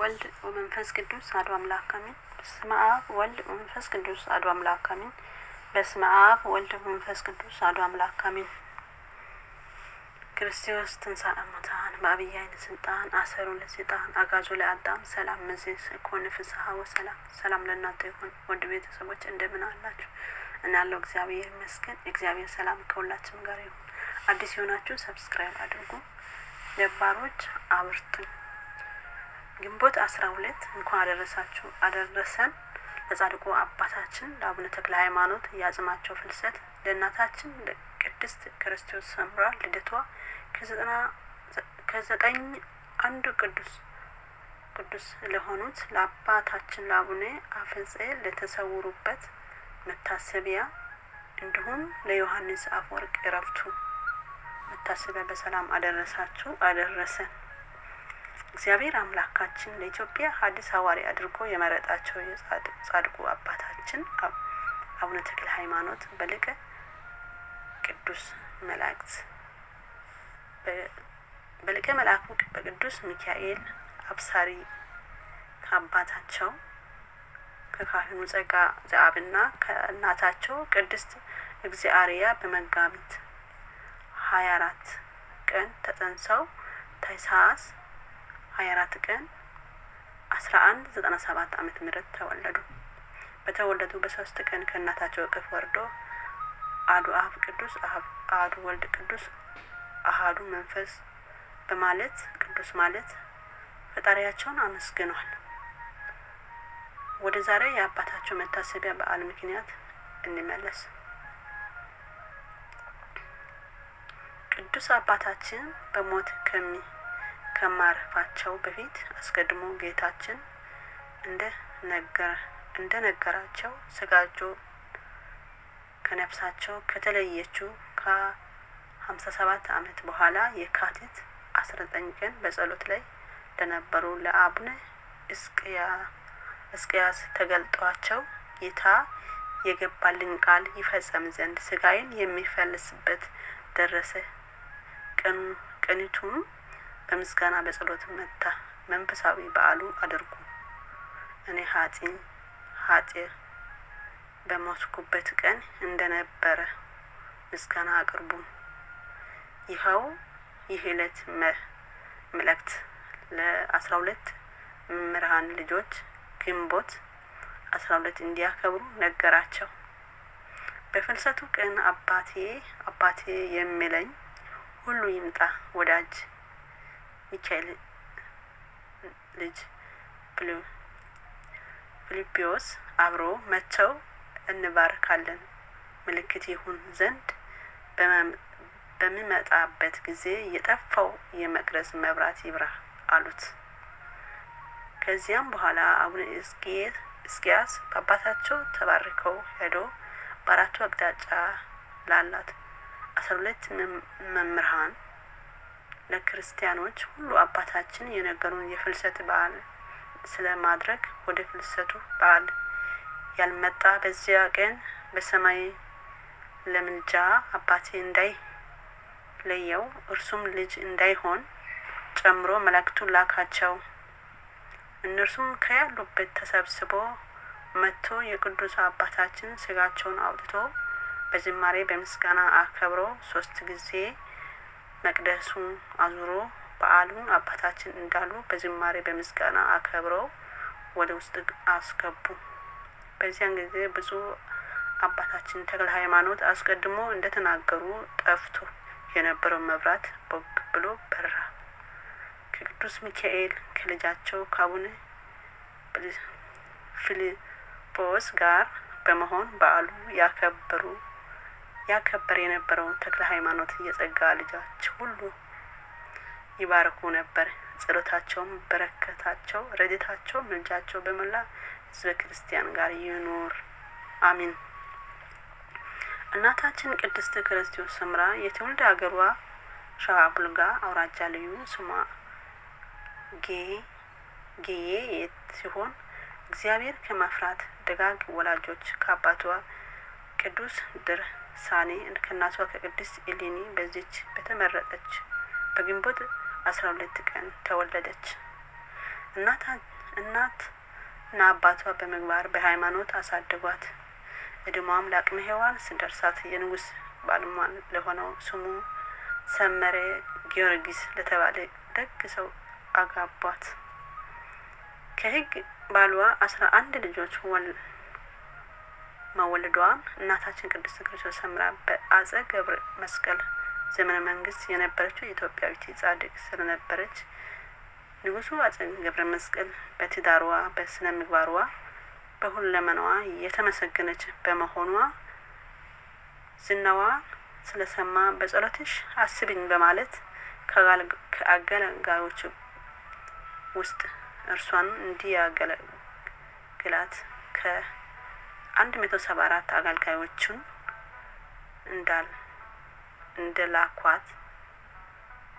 ወልድ ወመንፈስ ቅዱስ አሐዱ አምላክ አሜን። በስመ አብ ወልድ ወመንፈስ ቅዱስ አሐዱ አምላክ አሜን። በስመ አብ ወልድ ወመንፈስ ቅዱስ አሐዱ አምላክ አሜን። ክርስቶስ ትንሣኤ ሙታን በዐቢይ ኃይል ወሥልጣን አሰሮ ለሰይጣን አጋዞ ለአዳም ሰላም እምይእዜሰ ኮን ፍስሐ ወሰላም። ሰላም ለእናንተ ይሁን ወድ ቤተሰቦች እንደምን አላችሁ? እናለው እግዚአብሔር ይመስገን። እግዚአብሔር ሰላም ከሁላችንም ጋር ይሁን። አዲስ የሆናችሁ ሰብስክራይብ አድርጉ። ነባሮች አብርቱ ግንቦት አስራ ሁለት እንኳን አደረሳችሁ አደረሰን ለጻድቁ አባታችን ለአቡነ ተክለ ሃይማኖት የአጽማቸው ፍልሰት ለእናታችን ለቅድስት ክርስቶስ ሰምራ ልደቷ ከዘጠኝ አንዱ ቅዱስ ቅዱስ ለሆኑት ለአባታችን ለአቡነ አፈጼ ለተሰውሩበት መታሰቢያ እንዲሁም ለዮሐንስ አፈወርቅ እረፍቱ መታሰቢያ በሰላም አደረሳችሁ አደረሰን። እግዚአብሔር አምላካችን ለኢትዮጵያ ሐዲስ ሐዋርያ አድርጎ የመረጣቸው የጻድቁ አባታችን አቡነ ተክለ ሃይማኖት በሊቀ ቅዱስ መላእክት በሊቀ መልአኩ በቅዱስ ሚካኤል አብሳሪ ከአባታቸው ከካህኑ ጸጋ ዘአብና ከእናታቸው ቅድስት እግዚአርያ በመጋቢት ሀያ አራት ቀን ተጸንሰው ታኅሳስ ሀያ አራት ቀን አስራ አንድ ዘጠና ሰባት አመት ምረት ተወለዱ። በተወለዱ በሶስት ቀን ከእናታቸው እቅፍ ወርዶ አዱ አብ ቅዱስ አዱ ወልድ ቅዱስ አህዱ መንፈስ በማለት ቅዱስ ማለት ፈጣሪያቸውን አመስግኗል። ወደ ዛሬ የአባታቸው መታሰቢያ በዓል ምክንያት እንመለስ። ቅዱስ አባታችን በሞት ከሚ ከማረፋቸው በፊት አስቀድሞ ጌታችን እንደ ነገር እንደ ነገራቸው ስጋቸው ከነፍሳቸው ከተለየችው ከሀምሳ ሰባት አመት በኋላ የካቲት አስራ ዘጠኝ ቀን በጸሎት ላይ ለነበሩ ለአቡነ እስቅያስ ተገልጧቸው ጌታ የገባልን ቃል ይፈጸም ዘንድ ስጋዬን የሚፈልስበት ደረሰ። ቀኒቱም በምስጋና በጸሎት መታ መንፈሳዊ በዓሉ አድርጉ። እኔ ሀጢን ሀጢር በሞትኩበት ቀን እንደነበረ ምስጋና አቅርቡ። ይኸው ይህ ዕለት መልእክት ለአስራ ሁለት ምርሃን ልጆች ግንቦት አስራ ሁለት እንዲያከብሩ ነገራቸው። በፍልሰቱ ቀን አባቴ አባቴ የሚለኝ ሁሉ ይምጣ ወዳጅ ሚካኤል ልጅ ፊልጶስ አብሮ መጥተው እንባርካለን ምልክት ይሁን ዘንድ በሚመጣበት ጊዜ የጠፋው የመቅረዝ መብራት ይብራ አሉት። ከዚያም በኋላ አቡነ እስኪያስ በአባታቸው ተባርከው ሄዶ በአራቱ አቅጣጫ ላላት አስራ ሁለት መምህራን ለክርስቲያኖች ሁሉ አባታችን የነገሩን የፍልሰት በዓል ስለማድረግ ወደ ፍልሰቱ በዓል ያልመጣ በዚያ ቀን በሰማይ ለምልጃ አባቴ እንዳይለየው እርሱም ልጅ እንዳይሆን ጨምሮ መላእክቱ ላካቸው። እነርሱም ከያሉበት ተሰብስቦ መጥቶ የቅዱስ አባታችን ስጋቸውን አውጥቶ በዝማሬ በምስጋና አከብሮ ሶስት ጊዜ መቅደሱን አዙሮ በዓሉን አባታችን እንዳሉ በዝማሬ በምስጋና አከብረው ወደ ውስጥ አስገቡ። በዚያን ጊዜ ብዙ አባታችን ተክለ ሃይማኖት አስቀድሞ እንደተናገሩ ጠፍቶ የነበረው መብራት ቦግ ብሎ በራ። ከቅዱስ ሚካኤል ከልጃቸው ከአቡነ ፊልጶስ ጋር በመሆን በዓሉ ያከበሩ ያከበር የነበረውን ተክለ ሃይማኖት እየጸጋ ልጆች ሁሉ ይባርኩ ነበር። ጸሎታቸውም፣ በረከታቸው፣ ረድኤታቸው፣ ምልጃቸው በመላ ህዝበ ክርስቲያን ጋር ይኑር አሚን። እናታችን ቅድስት ክርስቶስ ሰምራ የትውልድ ሀገሯ ሸዋ ቡልጋ አውራጃ ልዩ ስሟ ጌዬ ሲሆን እግዚአብሔር ከመፍራት ደጋግ ወላጆች ከአባቷ ቅዱስ ድር ሳኔ ከእናቷ ከቅድስት ኤሌኒ በዚች በተመረጠች በግንቦት አስራ ሁለት ቀን ተወለደች። እናትና አባቷ በምግባር በሃይማኖት አሳድጓት እድሟም ለአቅመ ሔዋን ስደርሳት የንጉስ ባልሟን ለሆነው ስሙ ሰመሬ ጊዮርጊስ ለተባለ ደግ ሰው አጋቧት። ከህግ ባሏ አስራ አንድ ልጆች ወል መወለዷም እናታችን ቅድስት ክርስቶስ ሰምራ በአጸ ገብረ መስቀል ዘመነ መንግስት የነበረችው ኢትዮጵያዊት ጻድቅ ስለነበረች ንጉሱ አጸ ገብረ መስቀል በትዳርዋ በስነ ምግባሯ፣ በሁለመናዋ የተመሰገነች በመሆኗ ዝናዋ ስለሰማ በጸሎትሽ አስብኝ በማለት ከአገልጋዮች ውስጥ እርሷን እንዲያገለግላት ከ አንድ መቶ ሰባ አራት አገልጋዮቹን እንዳል ላኳት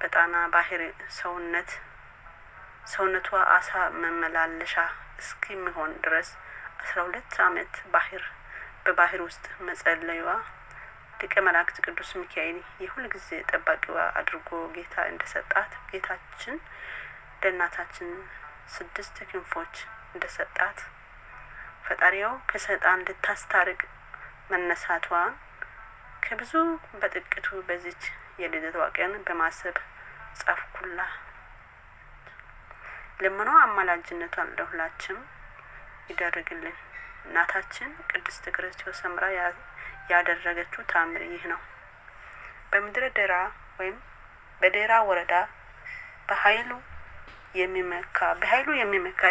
በጣና ባህር ሰውነት ሰውነቷ አሳ መመላለሻ እስኪሚሆን ድረስ አስራ ሁለት አመት ባህር በባህር ውስጥ መጸለዩዋ ሊቀ መላእክት ቅዱስ ሚካኤል የሁል ጊዜ ጠባቂዋ አድርጎ ጌታ እንደ ሰጣት ጌታችን ለእናታችን ስድስት ክንፎች እንደ ሰጣት ፈጣሪያው ከሰይጣን ልታስታርቅ መነሳቷ ከብዙ በጥቂቱ በዚች የልደቷ ቀን በማሰብ ጻፍኩላ። ልመኗ አማላጅነቷን ለሁላችም ይደረግልን። እናታችን ቅድስት ክርስቶስ ሰምራ ያደረገችው ታምር ይህ ነው። በምድረ ደራ ወይም በደራ ወረዳ በኃይሉ የሚመካ በኃይሉ የሚመካ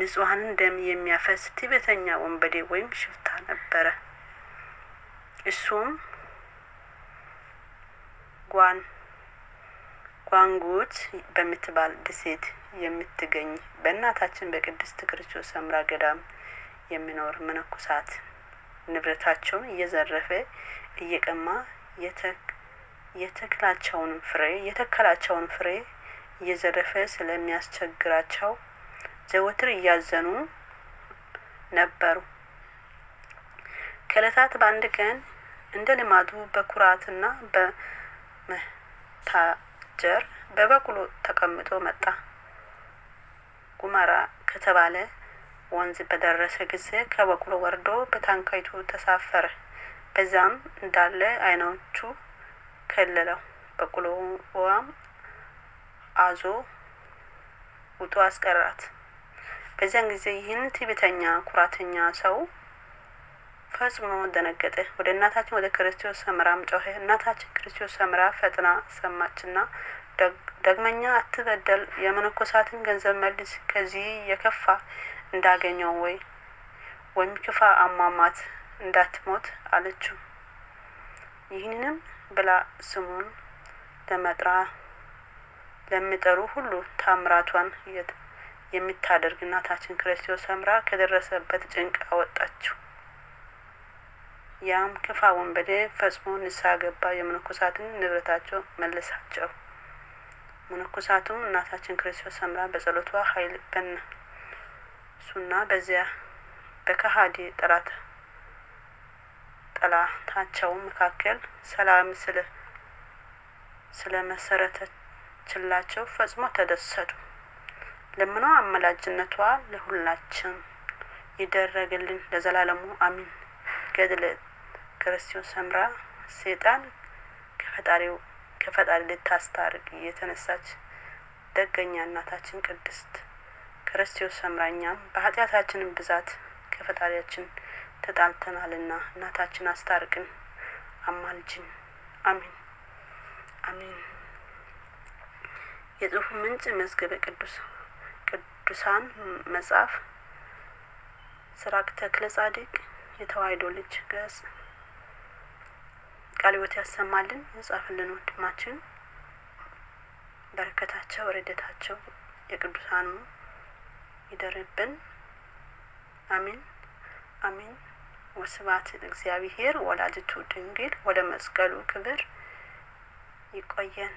ንጹሐንን ደም የሚያፈስ ትዕቢተኛ ወንበዴ ወይም ሽፍታ ነበረ። እሱም ጓን ጓንጉት በምትባል ደሴት የምትገኝ በእናታችን በቅድስት ክርስቶስ ሰምራ ገዳም የሚኖር መነኮሳት ንብረታቸውን እየዘረፈ እየቀማ የተክላቸውን ፍሬ የተከላቸውን ፍሬ እየዘረፈ ስለሚያስቸግራቸው ዘወትር እያዘኑ ነበሩ። ከእለታት በአንድ ቀን እንደ ልማዱ በኩራትና በመታጀር በበቅሎ ተቀምጦ መጣ። ጉመራ ከተባለ ወንዝ በደረሰ ጊዜ ከበቅሎ ወርዶ በታንኳይቱ ተሳፈረ። በዛም እንዳለ አይኖቹ ከለለው። በቅሎዋም አዞ ውጦ አስቀራት። በዚያን ጊዜ ይህን ትዕቢተኛ ኩራተኛ ሰው ፈጽሞ ደነገጠ። ወደ እናታችን ወደ ክርስቶስ ሰምራም ጮኸ። እናታችን ክርስቶስ ሰምራ ፈጥና ሰማችና ዳግመኛ አትበደል፣ የመነኮሳትን ገንዘብ መልስ፣ ከዚህ የከፋ እንዳገኘው ወይ ወይም ክፋ አሟሟት እንዳትሞት አለችው። ይህንንም ብላ ስሙን ለመጥራ ለሚጠሩ ሁሉ ታምራቷን የምታደርግ እናታችን ክርስቶስ ሰምራ ከደረሰበት ጭንቅ አወጣችው። ያም ክፋ ወንበዴ ፈጽሞ ንስሐ ገባ። የመነኮሳትን ንብረታቸው መለሳቸው። መነኮሳቱም እናታችን ክርስቶስ ሰምራ በጸሎቷ ኃይል በና እሱና በዚያ በከሃዲ ጠላት ጠላታቸው መካከል ሰላም ስለ ስለመሰረተችላቸው ፈጽሞ ተደሰቱ። ለምኖ አመላጅነቷ ለሁላችን ይደረግልን ለዘላለሙ አሚን። ገድለ ክርስቶስ ሰምራ ሴጣን ከፈጣሪው ከፈጣሪ ልታስታርቅ የተነሳች ደገኛ እናታችን ቅድስት ክርስቶስ ሰምራ እኛም በኃጢአታችን ብዛት ከፈጣሪያችን ተጣልተናልና እናታችን አስታርቅን፣ አማልጅን። አሚን አሚን። የጽሁፍ ምንጭ መዝገበ ቅዱስ ቅዱሳን መጽሐፍ ስራቅ ተክለ ጻድቅ የተዋሕዶ ልጅ ገጽ ቃለ ሕይወት ያሰማልን የጻፍልን ወንድማችን በረከታቸው ረድኤታቸው የቅዱሳኑ ይደርብን። አሚን አሚን። ወስብሐት እግዚአብሔር ወላዲቱ ድንግል ወለመስቀሉ ክብር። ይቆየን።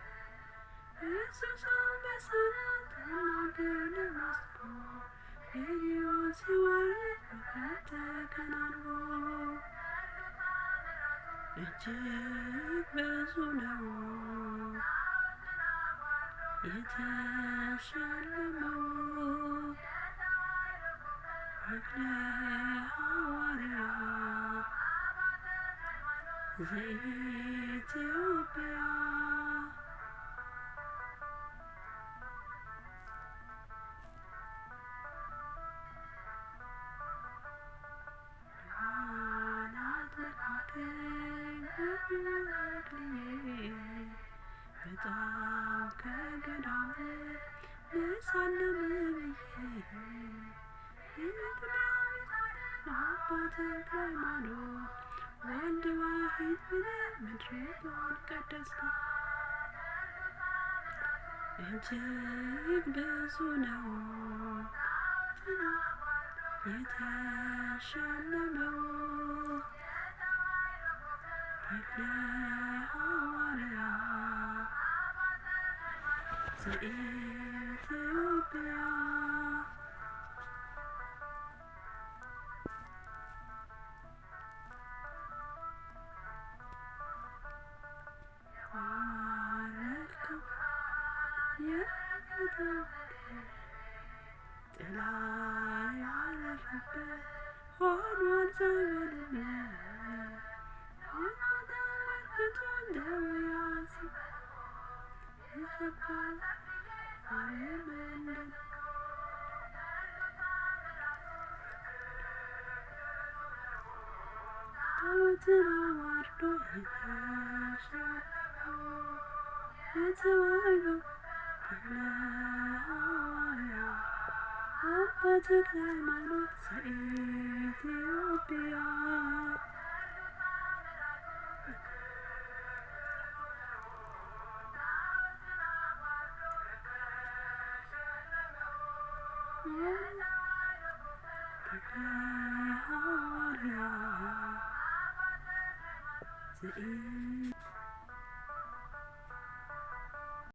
እጅግ ብዙ ነው የተሸለመው አክለ ሐዋርያ ዘኢትዮጵያ እጅግ ብዙ ነው የተሸለመው ሐዋርያ But the climate is Ethiopia.